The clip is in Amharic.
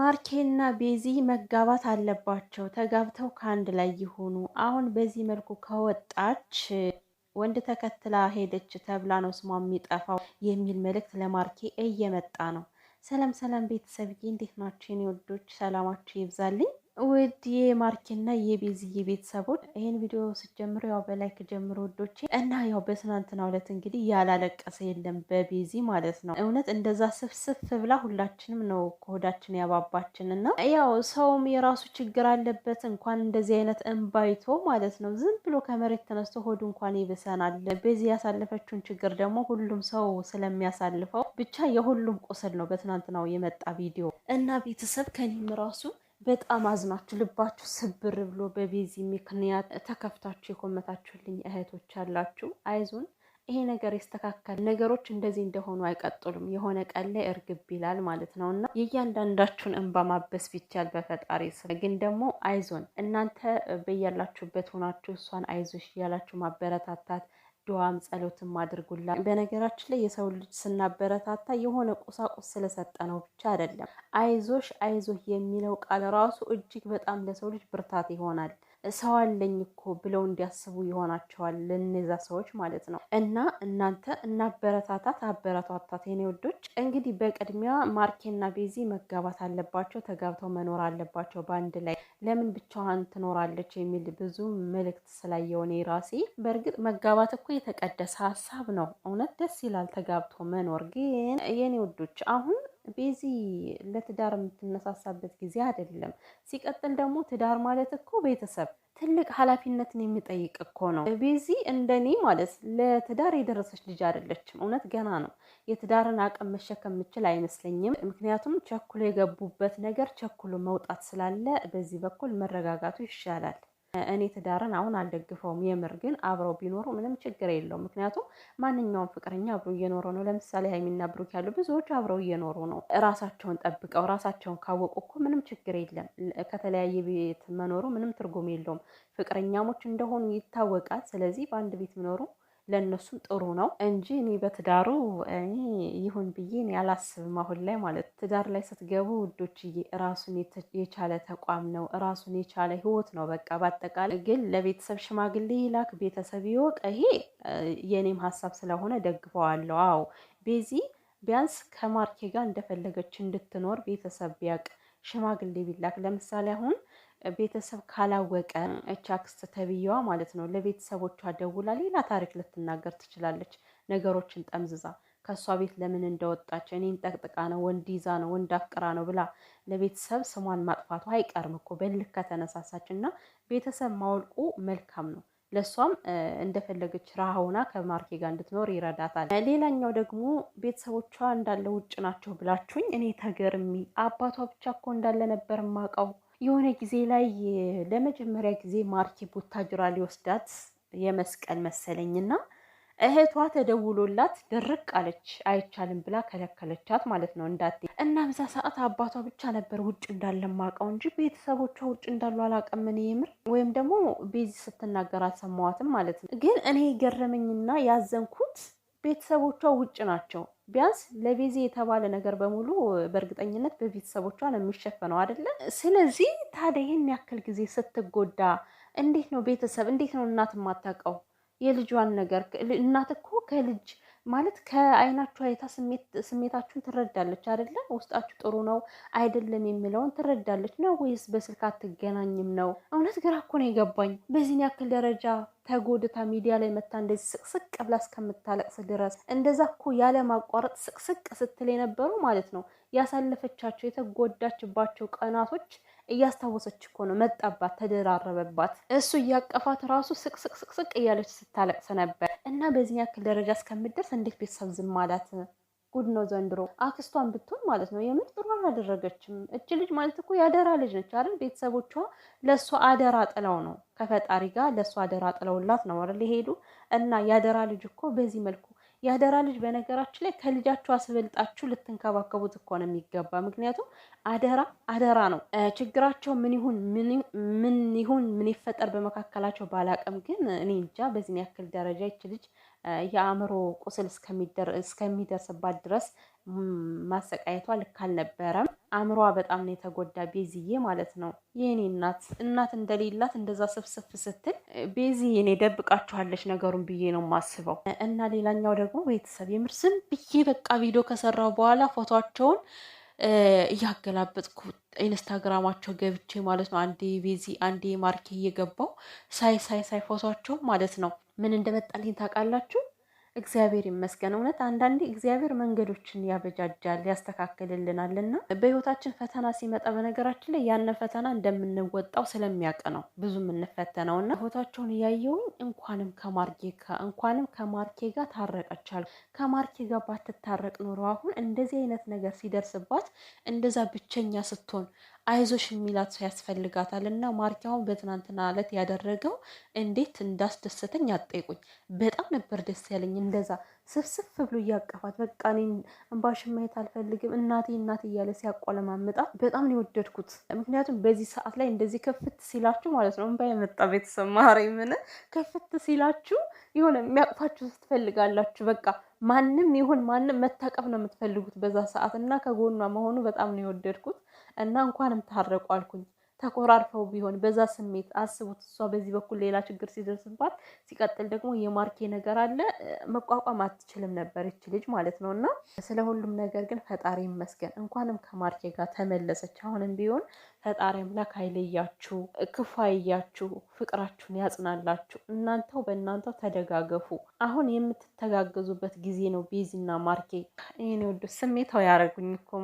ማርኬና ቤዚ መጋባት አለባቸው። ተጋብተው ከአንድ ላይ ይሆኑ። አሁን በዚህ መልኩ ከወጣች ወንድ ተከትላ ሄደች ተብላ ነው ስሟ የሚጠፋው የሚል መልእክት ለማርኬ እየመጣ ነው። ሰላም ሰላም ቤተሰብዬ፣ እንዴት ናቸው የኔ ወዶች? ሰላማችሁ ይብዛልኝ። ውድ የማርኬና የቤዝዬ ቤተሰቦች ይህን ቪዲዮ ስጀምሮ ያው በላይክ ጀምሮ ወዶቼ እና ያው በትናንትና ዕለት እንግዲህ ያላለቀሰ የለም በቤዚ ማለት ነው። እውነት እንደዛ ስፍስፍ ብላ ሁላችንም ነው ከሆዳችን ያባባችን እና ያው ሰውም የራሱ ችግር አለበት። እንኳን እንደዚህ አይነት እንባይቶ ማለት ነው ዝም ብሎ ከመሬት ተነስቶ ሆዱ እንኳን ይብሰናል። ቤዚ ያሳለፈችውን ችግር ደግሞ ሁሉም ሰው ስለሚያሳልፈው ብቻ የሁሉም ቁስል ነው በትናንትናው የመጣ ቪዲዮ እና ቤተሰብ ከኔም ራሱ በጣም አዝናችሁ ልባችሁ ስብር ብሎ በቤዚ ምክንያት ተከፍታችሁ የኮመታችሁልኝ እህቶች አላችሁ። አይዞን፣ ይሄ ነገር ይስተካከል። ነገሮች እንደዚህ እንደሆኑ አይቀጥሉም። የሆነ ቀን ላይ እርግብ ይላል ማለት ነው እና የእያንዳንዳችሁን እንባ ማበስ ቢቻል በፈጣሪ ስም ግን ደግሞ አይዞን፣ እናንተ በያላችሁበት ሆናችሁ እሷን አይዞሽ እያላችሁ ማበረታታት ዱዓም ጸሎትም አድርጉላ። በነገራችን ላይ የሰው ልጅ ስናበረታታ የሆነ ቁሳቁስ ስለሰጠ ነው ብቻ አይደለም። አይዞሽ አይዞህ የሚለው ቃል ራሱ እጅግ በጣም ለሰው ልጅ ብርታት ይሆናል። ሰው አለኝ እኮ ብለው እንዲያስቡ ይሆናቸዋል፣ ለነዛ ሰዎች ማለት ነው። እና እናንተ እናበረታታት፣ አበረታታት የኔ ወዶች። እንግዲህ በቅድሚያ ማርኬና ቤዚ መጋባት አለባቸው፣ ተጋብተው መኖር አለባቸው በአንድ ላይ ለምን ብቻዋን ትኖራለች የሚል ብዙ መልእክት ስላየው ራሲ ራሴ በእርግጥ መጋባት እኮ የተቀደሰ ሀሳብ ነው። እውነት ደስ ይላል ተጋብቶ መኖር። ግን የኔ ውዶች አሁን ቤዚ ለትዳር የምትነሳሳበት ጊዜ አይደለም። ሲቀጥል ደግሞ ትዳር ማለት እኮ ቤተሰብ ትልቅ ኃላፊነትን የሚጠይቅ እኮ ነው። ቤዚ እንደኔ ማለት ለትዳር የደረሰች ልጅ አይደለችም። እውነት ገና ነው። የትዳርን አቅም መሸከም የምችል አይመስለኝም። ምክንያቱም ቸኩሎ የገቡበት ነገር ቸኩሎ መውጣት ስላለ በዚህ በኩል መረጋጋቱ ይሻላል። እኔ ትዳርን አሁን አልደግፈውም። የምር ግን አብረው ቢኖሩ ምንም ችግር የለውም። ምክንያቱም ማንኛውም ፍቅረኛ አብሮ እየኖረ ነው። ለምሳሌ ሀይሚና ብሩክ ያሉ ብዙዎች አብረው እየኖሩ ነው። ራሳቸውን ጠብቀው ራሳቸውን ካወቁ እኮ ምንም ችግር የለም። ከተለያየ ቤት መኖሩ ምንም ትርጉም የለውም። ፍቅረኛሞች እንደሆኑ ይታወቃል። ስለዚህ በአንድ ቤት መኖሩ ለእነሱም ጥሩ ነው እንጂ እኔ በትዳሩ ይሁን ብዬ እኔ አላስብም። አሁን ላይ ማለት ትዳር ላይ ስትገቡ ውዶችዬ፣ ራሱን የቻለ ተቋም ነው፣ እራሱን የቻለ ህይወት ነው። በቃ በአጠቃላይ ግን ለቤተሰብ ሽማግሌ ይላክ፣ ቤተሰብ ይወቅ። ይሄ የእኔም ሀሳብ ስለሆነ ደግፈዋለሁ። አዎ ቤዚ ቢያንስ ከማርኬ ጋር እንደፈለገች እንድትኖር ቤተሰብ ቢያቅ፣ ሽማግሌ ቢላክ፣ ለምሳሌ አሁን ቤተሰብ ካላወቀ እች አክስት ተብዬዋ ማለት ነው ለቤተሰቦቿ ደውላ ሌላ ታሪክ ልትናገር ትችላለች። ነገሮችን ጠምዝዛ ከእሷ ቤት ለምን እንደወጣች እኔን ጠቅጥቃ ነው ወንድ ይዛ ነው ወንድ አፍቅራ ነው ብላ ለቤተሰብ ስሟን ማጥፋቱ አይቀርም እኮ በልክ ከተነሳሳች እና ቤተሰብ ማወልቁ መልካም ነው። ለእሷም እንደፈለገች ረሃ ሆና ከማርኬ ጋር እንድትኖር ይረዳታል። ሌላኛው ደግሞ ቤተሰቦቿ እንዳለ ውጭ ናቸው ብላችሁኝ እኔ ተገርሚ አባቷ ብቻ እኮ እንዳለ ነበር ማቀው የሆነ ጊዜ ላይ ለመጀመሪያ ጊዜ ማርኬ ቡታጅራ ሊወስዳት የመስቀል መሰለኝና እህቷ ተደውሎላት ድርቅ አለች። አይቻልም ብላ ከለከለቻት ማለት ነው እንዳት እና በዛ ሰዓት አባቷ ብቻ ነበር ውጭ እንዳለ ማውቀው እንጂ ቤተሰቦቿ ውጭ እንዳሉ አላቀምን እኔ የምር ወይም ደግሞ ቤዚ ስትናገር አልሰማዋትም ማለት ነው። ግን እኔ ገረመኝና ያዘንኩት ቤተሰቦቿ ውጭ ናቸው። ቢያንስ ለቤዜ የተባለ ነገር በሙሉ በእርግጠኝነት በቤተሰቦቿ ነው የሚሸፈነው አይደለ? ስለዚህ ታዲያ ይህን ያክል ጊዜ ስትጎዳ እንዴት ነው ቤተሰብ እንዴት ነው እናት የማታውቀው የልጇን ነገር? እናት እኮ ከልጅ ማለት ከአይናችሁ አይታ ስሜታችሁን ትረዳለች አይደለ? ውስጣችሁ ጥሩ ነው አይደለም የሚለውን ትረዳለች ነው ወይስ በስልክ አትገናኝም ነው? እውነት ግራ እኮ ነው የገባኝ። በዚህን ያክል ደረጃ ተጎድታ ሚዲያ ላይ መታ እንደዚህ ስቅስቅ ብላ እስከምታለቅስ ድረስ እንደዛ እኮ ያለማቋረጥ ስቅስቅ ስትል የነበሩ ማለት ነው ያሳለፈቻቸው የተጎዳችባቸው ቀናቶች እያስታወሰች እኮ ነው። መጣባት፣ ተደራረበባት። እሱ እያቀፋት ራሱ ስቅስቅስቅስቅ እያለች ስታለቅስ ነበር። እና በዚህ ያክል ደረጃ እስከምደርስ እንዴት ቤተሰብ ዝም አላት? ጉድ ነው ዘንድሮ። አክስቷን ብትሆን ማለት ነው የምር ጥሩ አላደረገችም። እች ልጅ ማለት እኮ የአደራ ልጅ ነች አይደል? ቤተሰቦቿ ለእሱ አደራ ጥለው ነው ከፈጣሪ ጋር ለእሱ አደራ ጥለውላት ነው አይደል የሄዱ። እና የአደራ ልጅ እኮ በዚህ መልኩ የአደራ ልጅ በነገራችን ላይ ከልጃችሁ አስበልጣችሁ ልትንከባከቡት እኮ ነው የሚገባ። ምክንያቱም አደራ አደራ ነው። ችግራቸው ምን ይሁን ምን ይሁን ምን ይፈጠር በመካከላቸው ባላቅም፣ ግን እኔ እንጃ በዚህ ያክል ደረጃ ይች ልጅ የአእምሮ ቁስል እስከሚደርስባት ድረስ ማሰቃየቷ ልክ አልነበረም። አእምሯ በጣም ነው የተጎዳ ቤዝዬ ማለት ነው። የኔ እናት እናት እንደሌላት እንደዛ ስፍስፍ ስትል ቤዚ የኔ ደብቃችኋለች ነገሩን ብዬ ነው ማስበው። እና ሌላኛው ደግሞ ቤተሰብ የምር ዝም ብዬ በቃ ቪዲዮ ከሰራው በኋላ ፎቶቸውን እያገላበጥኩ ኢንስታግራማቸው ገብቼ ማለት ነው አንዴ ቤዚ አንዴ ማርኬ እየገባው ሳይ ሳይ ሳይ ፎቶቸው ማለት ነው ምን እንደመጣልኝ ታውቃላችሁ? እግዚአብሔር ይመስገን። እውነት አንዳንዴ እግዚአብሔር መንገዶችን ያበጃጃል ያስተካክልልናል። እና በህይወታችን ፈተና ሲመጣ በነገራችን ላይ ያንን ፈተና እንደምንወጣው ስለሚያውቅ ነው ብዙ የምንፈተነው። እና ህይወታቸውን እያየውኝ እንኳንም ከማርኬ እንኳንም ከማርኬ ጋር ታረቀቻል። ከማርኬ ጋር ባትታረቅ ኖሮ አሁን እንደዚህ አይነት ነገር ሲደርስባት እንደዛ ብቸኛ ስትሆን አይዞሽ የሚላት ሰው ያስፈልጋታል። እና ማርኪያውን በትናንትና ዕለት ያደረገው እንዴት እንዳስደሰተኝ አጠይቁኝ። በጣም ነበር ደስ ያለኝ። እንደዛ ስፍስፍ ብሎ እያቀፋት በቃ እኔ ማየት አልፈልግም እናቴ እናቴ እያለ ሲያቆለማምጣት በጣም ነው የወደድኩት። ምክንያቱም በዚህ ሰዓት ላይ እንደዚህ ከፍት ሲላችሁ ማለት ነው እንባ የመጣ ቤተሰብ ማሪ ምን ከፍት ሲላችሁ የሆነ የሚያቅፋችሁ ትፈልጋላችሁ። በቃ ማንም ይሁን ማንም መታቀፍ ነው የምትፈልጉት በዛ ሰዓት እና ከጎኗ መሆኑ በጣም ነው የወደድኩት። እና እንኳንም ታረቁ አልኩኝ። ተኮራርፈው ቢሆን በዛ ስሜት አስቡት። እሷ በዚህ በኩል ሌላ ችግር ሲደርስባት፣ ሲቀጥል ደግሞ የማርኬ ነገር አለ። መቋቋም አትችልም ነበር ይች ልጅ ማለት ነው። እና ስለ ሁሉም ነገር ግን ፈጣሪ ይመስገን፣ እንኳንም ከማርኬ ጋር ተመለሰች። አሁንም ቢሆን ፈጣሪ አምላክ አይለያችሁ፣ ክፉ ፍቅራችሁን ያጽናላችሁ። እናንተው በእናንተው ተደጋገፉ። አሁን የምትተጋገዙበት ጊዜ ነው። ቤዚና ማርኬ ይህን ወዱ ስሜታው ያደረጉኝ እኮ